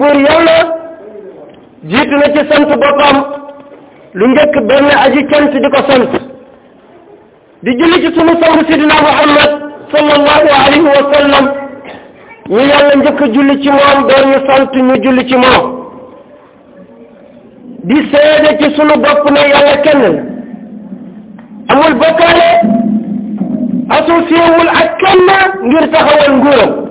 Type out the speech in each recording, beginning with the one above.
buur yàlla jiitu na ci sant boppam lu njëkk benn aji cant di ko sant di julli ci sunu sang sidina muhammad sallallahu alayhi wa sallam ñu yàlla njëkk julli ci moom doon ñu sant ñu julli ci moom di seede ci sunu bopp ne yàlla kenn la amul bokkaale associé wul ak kenn ngir taxawal nguuram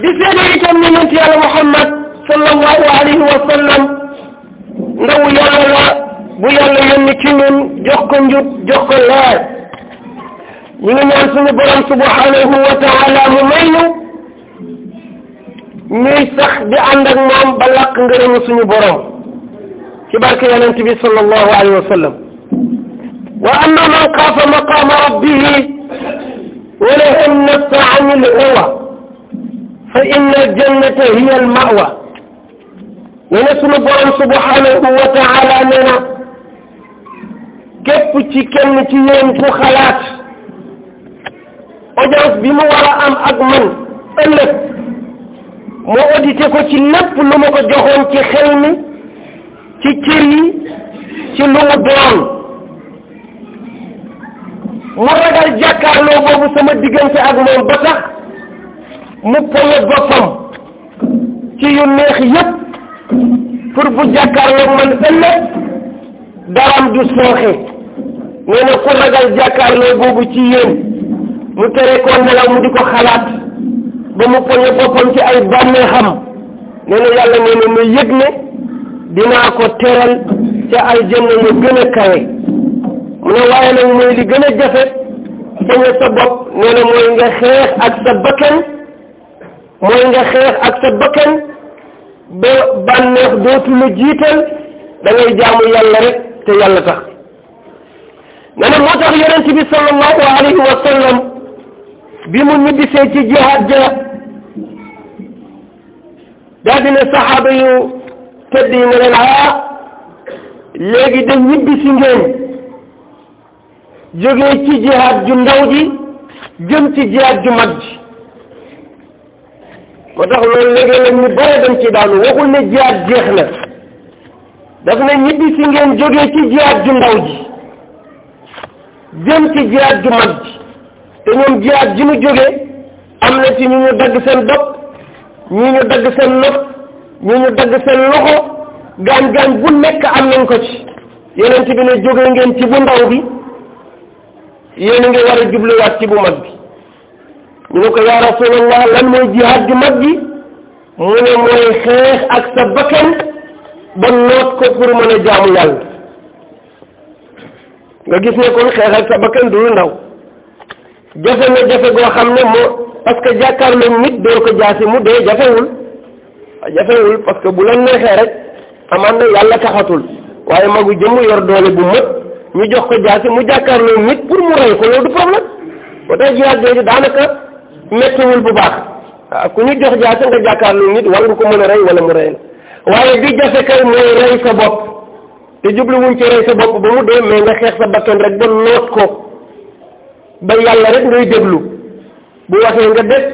di seede itam ne yonent yàlla Muhammad sallallahu alayhi wa sallam ndaw yàlla la bu yàlla yónni ci ñun jox ko njub jox ko leer ñu ngi ñaan suñu borom subhanahu wa taala mu may ñu ñuy sax di ànd ak moom ba làq ngërëmu suñu borom ci barke yonent bi sallallahu alayhi wa sallam wa amma man xaafa maqaama rabbihi wa nahaa nafsa ani l-hawa te innal jannata hiya al mawa nee borom subhanahu wa taala nee na ci kenn ci yéen ku xalaat audience bi mu war am ak man ëllëg moo audité ko ci lépp lu ma ko joxoon ci xel ci cër ci lu mu doon mu ragal jàkkaarloo boobu sama diggante ak moom ba tax mu pole boppam ci yu neex yépp pour bu jàkkaarloog man ëllëg daram du sooxe nee na ku ragal jàkkaarloo boobu ci yéen mu tere ko nelaw mu di ko xalaat ba mu pole boppam ci ay bànneexam nee na yàlla nee na yëg ne dinaa ko teral ca aljanna yu gën a kawe mu ne waaye nag mooy li gën a jafe saña sa bopp nee na mooy nga xeex ak sa bakkan mooy nga xeex ak sa bakkan ba bànneex dootu la jiital jaamu yàlla rek te yàlla tax nee moo tax yonent bi sallallahu alayhi wa sallam bi mu ñibbisee ci jihaad ja daa di ne saxaaba yi ne leen ah léegi da ngeen jógee ci jihaad ju ndaw ji jëm ci jihaad ju mag ji moo tax loolu léegi-léeg ñu bëri ci daanu waxul ne jihaad jeex na daf ne ñibbi si ngeen jógee ci jihaad ju ndaw ji jëm ci jihaad ju mag ji te ñoom jihaad ji mu jógee am na ci ñu ñu dagg seen bopp ñi ñu dagg seen nopp ñi ñu dagg seen loxo gaañ-gaañ bu nekk am nañ ko ci yeneen ci bi ne jógee ngeen ci bu ndaw bi yéen a ngi war a jubluwaat ci bu mag bi ñu ne ko yaa rasulallah lan mooy jihaad ju mag ji mu ne mooy xeex ak sa bakkan ba noot ko pour mën a jaamu yàlla nga gis ne kon xeex ak sa bakkan du ndaw jafe na jafe goo xam ne moo parce que jàkkaarloo nit door ko jaasi mu dee jafewul ah, jafewul parce que bu la neexee rek amaan yàlla taxatul waaye magu jëmm yor doole bu mët ñu jox ko jaasi mu jàkkaarloo nit pour mu rey ko loolu du problème ba tey jihaad jooju daanaka mettiwul bu baax waaw ku ñu jox jaasi nga jàkkaarloo nit war nga ko mën a rey wala mu rey la waaye bi jafe kay mooy rey sa bopp te jubluwuñ ci rey sa bopp ba mu dee mais nga xeex sa bakkan rek ba noot ko ba yàlla rek ngay déglu bu waxee nga def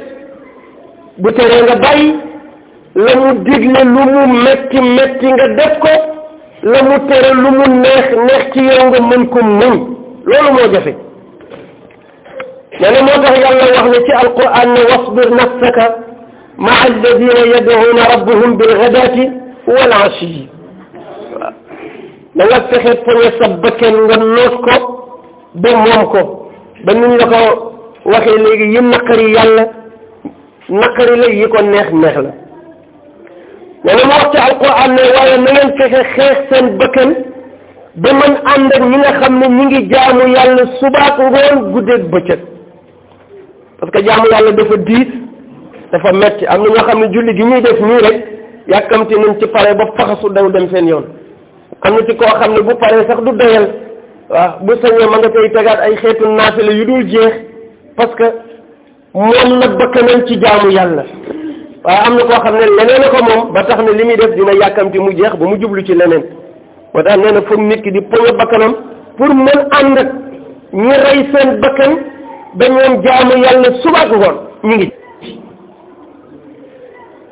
bu teree nga bàyyi la mu digle lu mu metti metti nga def ko la mu tere lu mu neex neex ci yow nga mën ko muñ loolu moo jafe nee na moo tax yàlla wax ne ci alquran ne wasbir nafsaka maa alladina yad'uuna rabbahum bilghadaati wal ashiyyi waaw da nga fexe poñe sa bëkken nga noot ko ba moom ko ba nuñ la ko waxee léegi yi naqari yàlla naqari la yi ko neex neex la nee na ma wax ci alquran ne na ngeen fexe xeex seen bëkken ba mën ànd ñi nga xam ne ñi ngi jaamu yàlla subaak ngoon guddeeg bëccëg parce que jaamu yàlla dafa diis dafa metti am na ñoo xam ne julli gi ñuy def nii rek yàkkamti nañ ci pare ba faxasu daw dem seen yoon am na ci koo xam ne bu paree sax du doyal waaw bu sañee ma nga koy tegaat ay xeetu la yu dul jeex parce que moom na bëkkanam ci jaamu yàlla waaye am na koo xam ne leneen a moom ba tax ne li muy def dina yàkkamti mu jeex ba mu jublu ci leneen moo tax nee na foog nit ki di poñe bakkanam pour mën ànd ak ñi rey dañoon jaamu yàlla suba ak ñu ngi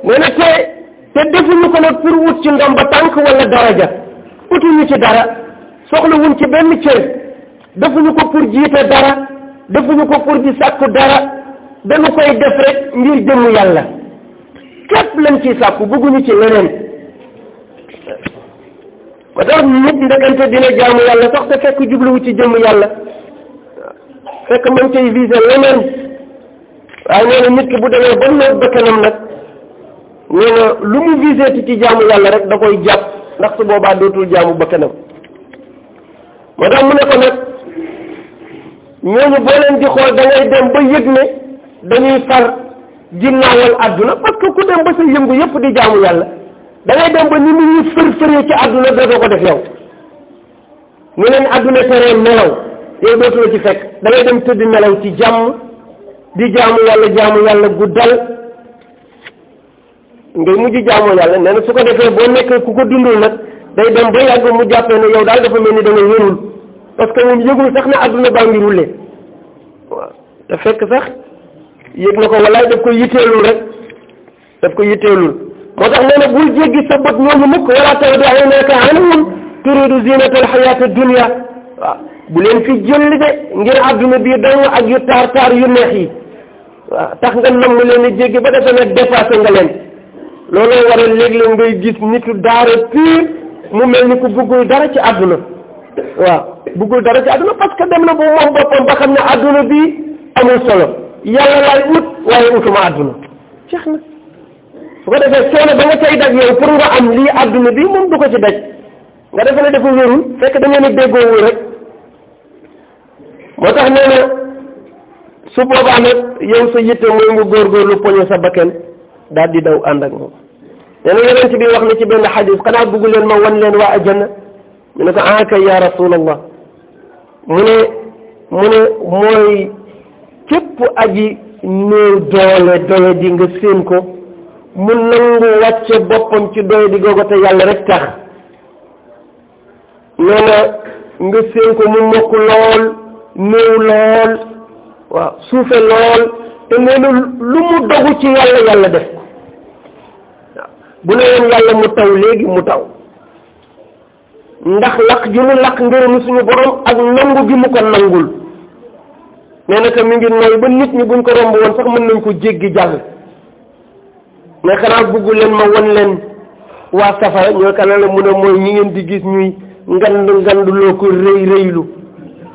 nee na te te defuñu ko nag pour wut ci ndomba tànk wala daraja utuñu ci dara soxlawuñ ci benn cër defuñu ko pour jiite dara defuñu ko pour di sàkku dara dañu koy def rek ngir jëmm yàlla képp lañ ciy sàkku bëgguñu ci leneen ba tax nit ndekante dina jaamu yàlla sax te fekk jubluwu ci jëmm yàlla fekk mën cay visé leneen waaye nee nit ki bu demee ba noot bakkanam nag nee lu mu visé ti ci jaamu yàlla rek da koy jàpp ndax su boobaa dootul jaamu bakkanam moo tax mu ne ko nag ñooñu boo leen di xool da dem ba yëg ne dañuy far ginnaawal àdduna parce que ku dem ba sa yëngu yëpp di jaamu yàlla da dem ba ni mu fër fëree ci àdduna da doo ko def yow ñu leen àdduna teree nelaw yow dootu ci fekk da ngay dem tëdd nelaw ci jàmm di jaamu yàlla jaamu yàlla gu dal ngay mujj jaamoo yàlla nee na su ko defee boo nekk ku ko dundul nag day dem ba yàgg mu jàppee ne yow daal dafa mel ni da nga wérul parce que moom yëgul sax na àdduna baa ngi rulle waaw ko walaay rek daf koy yitteelul moo tax nee bul jéggi sa bët ñooñu mukk wala tawdi aynaka anhum turidu zinata alxayati dunia waaw bu leen fi jënd de ngir àdduna bii dong ak yu taar taar yu neex yi waaw tax nga namm leen a jéggi ba defe ne dépassé nga leen looloo waral léeg-léeg ngay gis nitu daara pur mu mel ni ku bëggul dara ci àdduna waaw bëggul dara ci àdduna parce que dem na bu moom boppam ba xam ne àdduna bii amul solo yàlla laay ut waaye utuma àdduna jeex na su ko defee coono ba nga cay daj yow pour nga am lii àdduna bii moom du ko ci daj nga defe ne dafa wérul fekk da ngeen a moo tax nee na su boobaa nag yow sa yitte mooy mu góorgóorlu poñe sa bakkan daal daw ànd ak moom nee na bi wax na ci benn xadis xanaa bugg leen ma wan leen waa àjjana ñu ne ko ah yaa rasulallah mu ne mu ne mooy képp aji néew doole doye nga séen ko mu nangu wàcce boppam ci doye googu te yàlla rek tax nee nga séen ko mu mokk lool néew lool waaw suufe lool te nee na lu mu dogu ci yàlla yàlla def bu ne woon yàlla mu taw léegi mu taw ndax lakk gi mu lakk ngërëmu suñu borom ak nangu gi mu ko nangul nee na te mi ngi nooy ba nit ñi buñ ko romb woon sax mën nañ ko jéggi jàll mais xanaa bugg leen ma won leen waa safara ñoo kana la mun a mooy ñi ngeen di gis ñuy ngand nganduloo ko rëy rëylu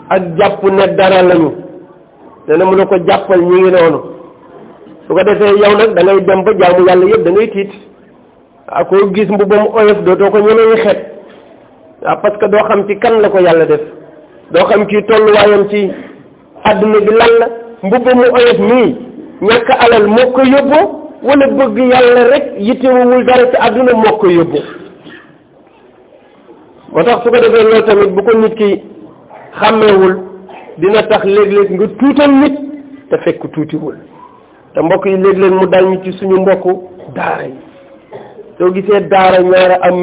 ak jàpp ne dara lañu nee na mu ne ko jàppal ñu ngi noonu su ko defee yow nag da dem ba jaamu yàlla yëpp da ngay tiit ah koo gis mbubbam oyof dootoo ko ñemee xet ah parce que doo xam ci kan la ko yàlla def doo xam ci tolluwaayam ci àdduna bi lan la mbubbam mu oyof nii ñàkk alal moo ko yóbbu wala bëgg yàlla rek yittewul dara ci àdduna moo yóbbu moo tax su ko defee loolu tamit bu ko nit ki. xàmmeewul dina tax léeg-léeg nga tuutal nit te fekk tuutiwul te mbokk yi léeg leen mu dal ñu ci suñu mbokk daara yi soo gisee daara ñaara am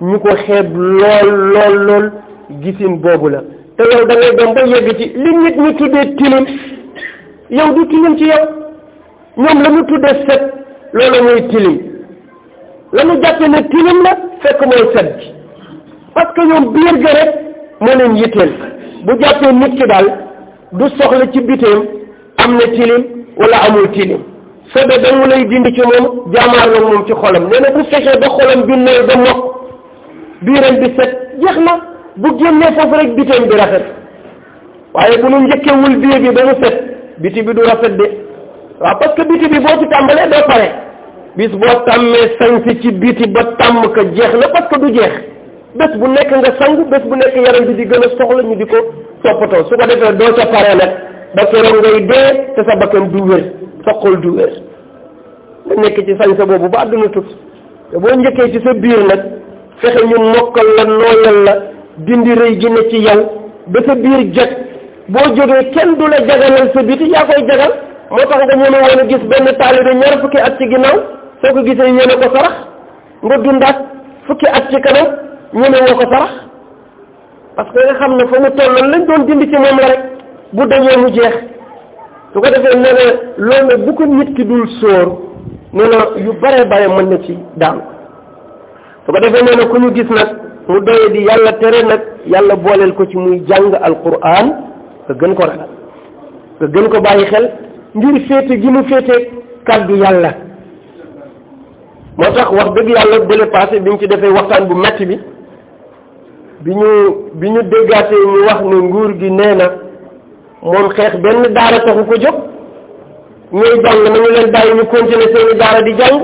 ñu ko xeeb lool lool lool gisin boobu la te yow da ngay dem ba yegg ci li nit ñu tuddee tilim yow du tilim ci yow ñoom la mu tuddee set loolu mooy tilim la mu jàppe tilim la fekk mooy set bi parce que ñoom biir ga rek moo leen yitteel bu jàppee nit ki daal du soxla ci biteem am na tilim wala amul tilim sobe danga lay dindi ci moom jaamaar la moom ci xolam nee na bu fekkee ba xolam bi nay ba mokk set jeex na bu génnee foofu rek biteem bi rafet waaye bu nu njëkkewul biir bi ba mu set biti bi du rafet de waa parce que bi boo ci tàmbalee doo pare bis boo tàmmee sañsi ci biti ba tàmm ko jeex na parce que du jeex bés bu nekk nga sangu bés bu nekk yaram bi di gën a soxla ñu di ko toppatoo su ko defee doo ca pare nag ba keroog ngay dee te sa bakkan du wér sa du wér nga nekk ci sañsa boobu ba àdduna tukki te boo njëkkee ci sa biir nag fexe ñu mokkal la nooyal la dindi rëy gi ne ci yow da sa biir jag boo jógee kenn du la jagalal sa biti yaa koy jagal moo tax nga ñeme woon a gis benn taalibe ñaar fukki at ci ginnaaw soo ko gisee ñeme ko sarax nga dundaat fukki at ñeme woo ko sarax parce nga xam ne fa mu tolloon lañ doon dindi ci moom la rek bu dañee mu jeex su ko defee nee loolu bu ko nit ki dul sóor nee yu bare bare mën na ci daanu su ko defee nee ku ñu gis nag mu doye di yàlla tere nag yàlla booleel ko ci muy jàng alquran nga gën ko ragal nga gën ko bàyyi xel ngir féete gi mu féete kàddu yàlla moo tax wax dëgg yàlla bële passé bi ñu ci defee waxtaan bu metti bi bi ñu bi ñu déggaatee ñu wax ne nguur gi nee na moom xeex benn daara taxu ko jóg ñooy jàng nañu leen bàyyi ñu continuer seeni daara di jàng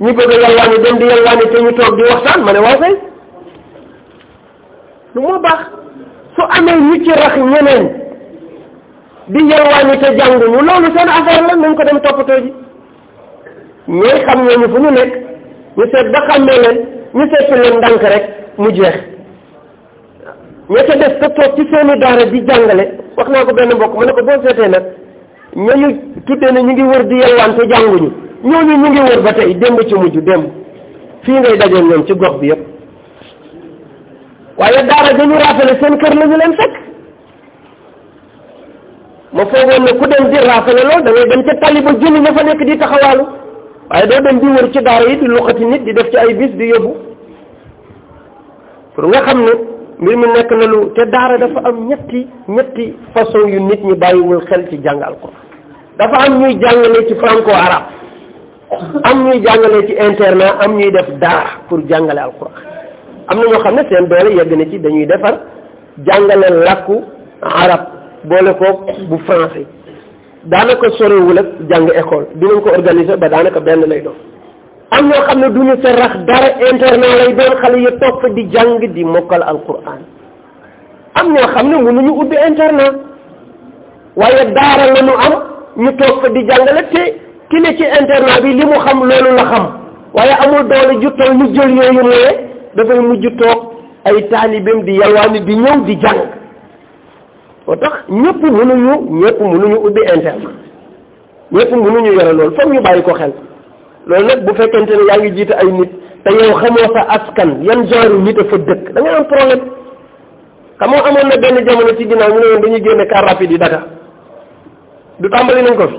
ñu bëgg a yalwaani dem di yalwaani te ñu toog di waxtaan ma ne waaw kay lu moo baax su amee ñu ci rax ñeneen di yalwaani te jànguñu loolu seen affaire la nañ ko dem toppatoo ji ñooy xam ñooñu fu ñu nekk ñu seet ba xàmmee leen ñu seet si leen ndànk rek mu jeex ña ca des te toog ci seeni daara di jàngale wax naa ko benn mbokk ma na ko boo seetee nag ñooñu tuddee ne ñu ngi wër di yelwaan te jànguñu ñooñu ñu ngi wër ba tey démb ci mujj démb fii ngay dajee ñoom ci gox bi yëpp waaye daara dañu raafale seen kër la ñu leen fekk ma foogoon ne ku dem di raafale lool da ngay dem ca tali ba jëli fa nekk di taxawaalu waaye doo dem di wër ci daara yi di luqati nit di def ci ay bis di yóbbu pour nga xam ne mbir mi nekk na lu te daara dafa am ñetti ñetti façon yu nit ñi bàyyiwul xel ci jàngal ko dafa am ñuy jàngale ci franco arabe am ñuy jàngale ci internat am ñuy def daara pour jàngale alquran am na ñoo xam ne seen doole yegg na ci dañuy defar jàngale làkku arab boole ko bu français daanaka sorewul ak jàng école dinañ ko organiser ba daanaka benn lay doon am ñoo xam ne du ñu sa rax dara internat lay doon xale yi toog fa di jàng di mokkal alquran am ñoo xam ne mënuñu ubbi internat waaye daara la ñu am ñu toog fa di jàngale te ki ne ci internat bi li mu xam loolu la xam waaye amul doole juttal mu jël yooyu mooy dafay mujj toog ay taalibeem di yalwaani di ñëw di jàng moo tax ñëpp mënuñu ñëpp mënuñu ubbi internat ñëpp mënuñu yore loolu foog ñu bàyyi ko xel loolu nag bu fekkente ne yaa ngi jiite ay nit te yow xamoo sa askan yan genre nit a fa dëkk da ngay am problème xamoo amoon na benn jamono ci ginnaaw ñu ne woon dañuy génne car rapide yi Dakar du tàmbali nañ ko fi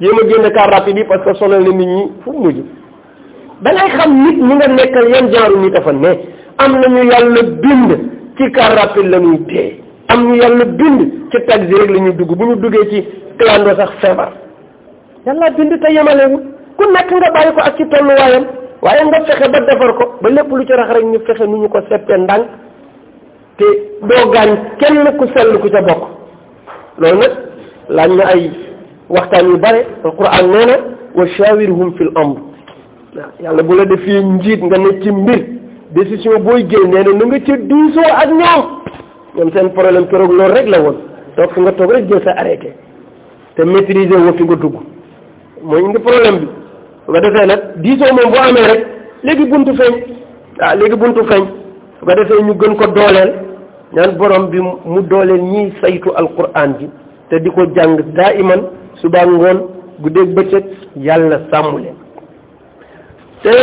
jéem a génne car rapide yi parce que sonal na nit ñi fu mu mujj da xam nit ñi nga nekkal yan genre nit a fa ne am nañu yàlla bind ci car rapide la dee am ñu yàlla bind ci taxi rek la ñuy dugg bu ñu duggee ci clando sax feebar yàlla bind te ku nekk nga bàyyi ko ak ci tolluwaayam waaye nga fexe ba defar ko ba lépp lu ci rax rek ñu fexe nu ñu ko seppee ndànk te doo gaañ kenn ku sell ku ca bokk loolu nag laaj na ay waxtaan yu bare alquran nee na wa yàlla bu la defee njiit nga ne ci mbir décision booy jël nee na na nga ca diisoo ak ñoom ñoom seen problème keroog loolu rek la woon toog nga toog rek jël sa arrêté te maîtriser woo fi nga dugg mooy indi problème bi su ko defee nag diisoo moom bu amee rek léegi buntu feeñ waaw léegi buntu feeñ su ko defee ñu gën ko dooleel ñaan borom bi mu dooleel ñiy saytu alquran bi te di ko jàng daa iman suba ngoon guddeeg bëccëg yàlla sàmm leen te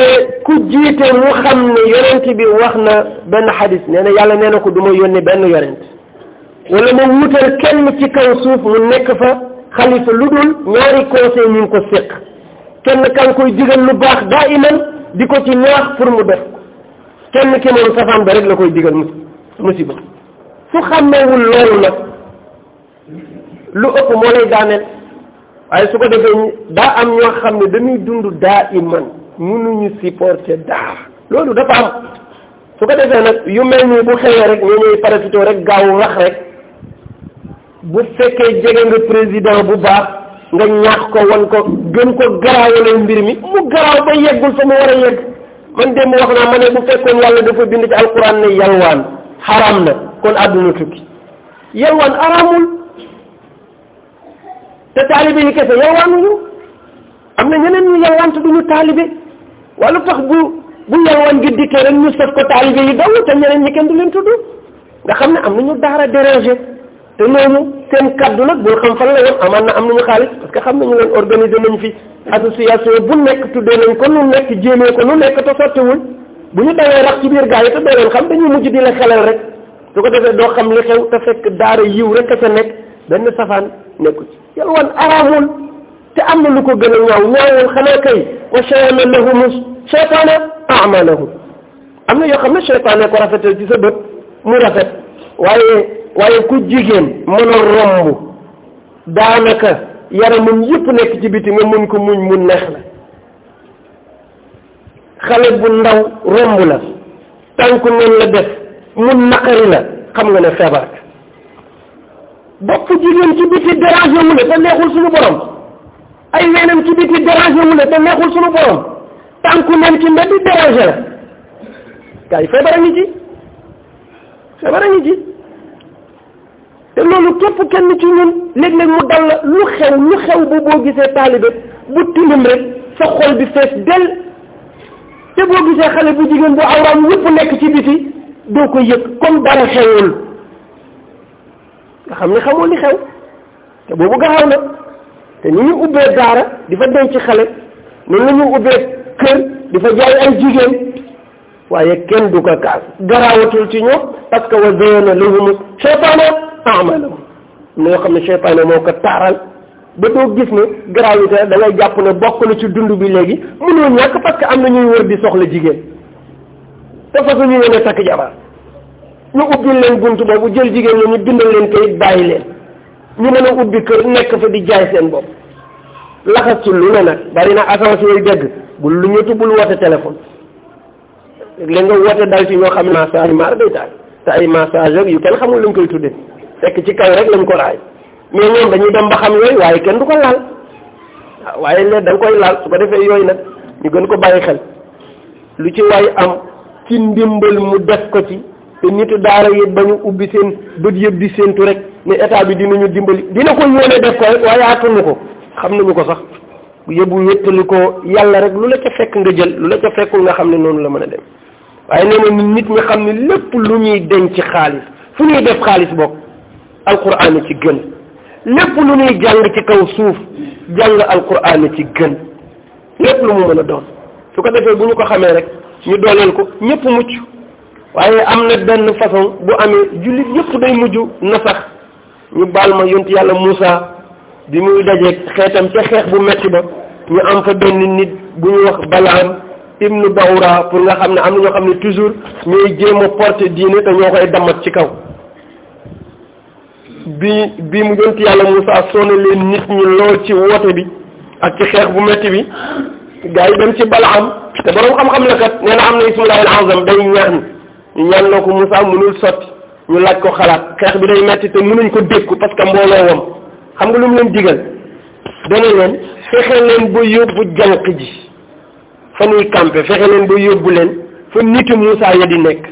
ku jiite mu xam ne yonent bi wax na benn xadis nee na yàlla nee na ko du ma yónnee benn yonent wala ma wutal kenn ci kaw suuf mu nekk fa xalifa lu dul ñaari conseil ñu ko séq kenn kan koy digal lu baax daa iman di ko ci ñaax pour mu def kenn ki moom safaan ba rek la koy digal musiba su xàmmewul loolu nag lu ëpp moo lay daaneel waaye su ko defee daa am ñoo xam ne dañuy dund daa iman mënuñu supporter daa loolu dafa am su ko defee nag yu mel nii bu xewee rek ñu ñuy parafitoo rek gaaw wax rek bu fekkee jege nga président bu baax nga ñaax ko wan ko gën ko garaawalal mbir mi mu garaaw ba yeggul fa mu war a yegg man démb wax naa ma ne bu fekkoon yàlla dafa bind ci alquran ne yalwaan xaraam na kon àdduna tukki yalwaan araamul te taalibe yi kese yalwaanuñu am na ñeneen ñu yalwaan te duñu taalibe wala tax bu bu yalwaan gi dikkee rek ñu sëf ko taalibe yi dong te ñeneen ñi kenn du leen tudd nga xam ne am na ñu daara dérangé te loolu seen kaddu nag bul xam fan la yem amaan na am nañu xaalis parce que xam nañu leen organiser nañ fi association bu nekk tuddee nañ ko nu nekk jéemee ko nu nekk te sottiwul bu ñu dawee rax ci biir gaa yi te doo leen xam dañuy mujj di la xelal rek su ko defee doo xam li xew te fekk daara yiw rek a sa nekk benn safaan nekku ci yalwaan araamul te am na lu ko gën a ñaaw ñaawul xanaa kay wa shayana lahum shaytaana amalahum am na yoo xam ne shaytaane ko rafetal ci sa bët mu rafet waaye ku jigéen mën a romb daanaka yaramam yépp nekk ci biti nga mun ko muñ mu neex la xale bu ndaw romb la tànku noonu la def mu naqari la xam nga ne feebar bopp jigéen ci biti dérangé wu ne te neexul suñu borom ay weenam ci biti dérangé wu ne te neexul suñu borom tànku noonu ci mbedd dérangé la gaa yi feebar a ngi ci feebar a ngi ci te loolu képp kenn ci ñun léeg-léeg mu dal la lu xew lu xew bu boo gisee taalibe bu tilim rek sa xol bi fees del te boo gisee xale bu jigéen bu awraam yëpp nekk ci biti doo ko yëg comme dara xewul nga xam ne xamoo li xew te boobu gaaw na te ni ñu ubbee daara di fa denc xale noonu la ñu ubbee kër di fa jaay ay jigéen waaye kenn du ko kaas garaawatul ci ñoom parce que wa zayyana lahumu shaytaanu amalakum loo xam ne seytaane moo ko taaral ba doo gis ne gravité da ngay jàpp na bokk na ci dund bi léegi mënoo ñàkk parce que am na ñuy wër di soxla jigéen te façon ñu ne takk jabar ñu ubbil leen bunt boobu jël jigéen ñi ñu bindal leen kayit bàyyi leen ñu mën a ubbi kër nekk fa di jaay seen bopp laxas ci lu ne nag bari na agence yooyu dégg bu lu ñu tubbul woote téléphone léegi nga woote dal ci ñoo xam ne massage mar day taal te ay massage yu kenn xamul luñ koy tudde fekk ci kaw rek lañ ko raay mais dem ba xam yooyu waaye kenn du ko laal waaye léegi da nga koy laal su ko yooyu nag ñu gën ko bàyyi xel lu ci waay am ci ndimbal mu def ko ci te nitu daara yi ubbi seen bët yëpp di séentu rek ne état bi dinañu dimbali dina ko yónnee def ko rek waaye ko xam nañu ko sax yóbbu wéttali ko yàlla rek lu fekk jël lu la ca fekkul nga xam ne noonu la mën a dem waaye nee nit ñi xam ne lépp lu ñuy denc xaalis fu ñuy def xaalis bokk alquran ci gën lépp lu ñuy jàng ci kaw suuf jàng alquran ci gën lépp lu mu mën a doon su ko defee bu ñu ko xamee rek ñu dooleel ko ñëpp mucc waaye am na benn façon bu amee jullit ñépp day mujj na sax ñu baal ma yont yàlla Moussa bi muy dajeeg xeetam ca xeex bu metti ba ñu am fa doon nit nit bu ñu wax Balaam ibnu Bawra pour nga xam ne am na ñoo xam ne toujours ñooy jéem a porter diine te ñoo koy damat ci kaw bi bi mu yonent yàlla Moussa sonal leen nit ñi lool ci woote bi ak ci xeex bu metti bi gaa yi dem ci am te borom xam-xam la kat nee na am na ismullahil azam day ñaan ñu ñaan loo ko Moussa mënul sotti ñu laaj ko xalaat xeex bi day metti te mënuñ ko dékku parce que mbooloo wam xam nga lu mu leen digal dana leen fexe leen ba yóbbu jànq ji fa ñuy campé fexe leen ba yóbbu leen fa niti Moussa ya di nekk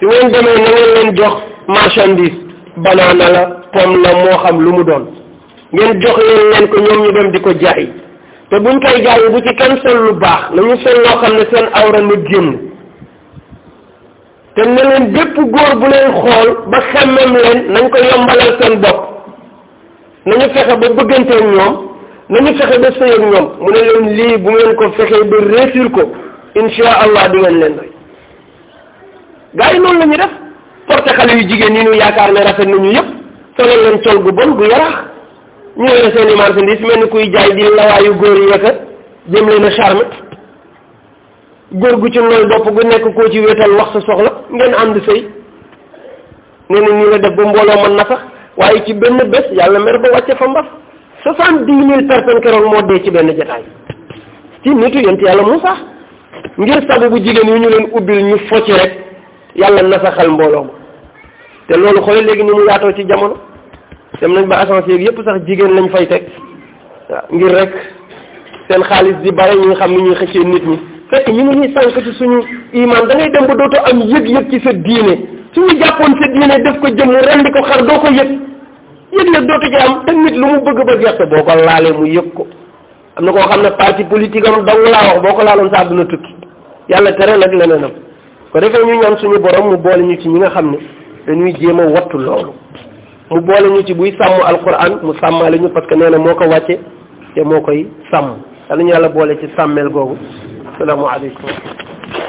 si ngeen demee na leen jox marchandise banaana la pomme la moo xam lu mu doon ngeen jox leen leen ko ñoom ñu dem di ko jaay te buñ koy jaay bu ci kenn sol lu baax nañu sol loo xam ne seen awra na génn te ne leen bépp góor bu leen xool ba xemmem leen nañ ko yombalal seen bopp nañu fexe ba bëgganteeg ñoom nañu fexe ba sëy ak ñoom mu ne leen lii bu ngeen ko fexee ba réussir ko incha allah di ngeen leen doy gars lañu noonu porté xale yu jigéen yi ñu yaakaar ne rafet nañu yëpp solal leen col gu bon gu yaraax ñu yore seen i mel ni kuy jaay di lawaayu góor yi yekka jëm leen góor gu ci loolu bopp gu nekk koo ci wéetal wax sa soxla ngeen ànd sëy nee na ñu la def ba mbooloo mën na sax waaye ci benn bés yàlla mer ba wàcce fa mbas soixante dix mille personnes keroog moo dee ci benn jotaay ci nitu yent yàlla Moussa ngir sabu bu jigéen yu ñu leen ubbil ñu focc rek yàlla nasaxal mbooloo ma te loolu xool léegi ni mu yaatoo ci jamono dem nañ ba yéeg yëpp sax jigéen lañu fay teg ngir rek seen xaalis di bare ñi xam ni ñuy xëccee nit ñi fekk ñu ngi ñuy suñu iman da dem ba dootoo am yëg-yëg ci sa diine suñu jàppoon sa diine def ko jëmm rendi ko xar doo ko yëg yëg-yëg dootu ci am te nit lu mu bëgg ba gerte boo ko laalee mu yëg ko am na koo xam ne parti politique am dong laa wax boo ko laaloon sa àdduna tukki yàlla tere nag leneenam ko defee ñu suñu borom mu boole ñu ci ñi nga xam ne dañuy jéem a wattu loolu mu boole ñu ci buy sàmm alquran mu sàmmaale ñu parce que nee na moo ko wàcce te moo koy sàmm danañu yàlla boole ci sàmmeel googu salaamu aleykum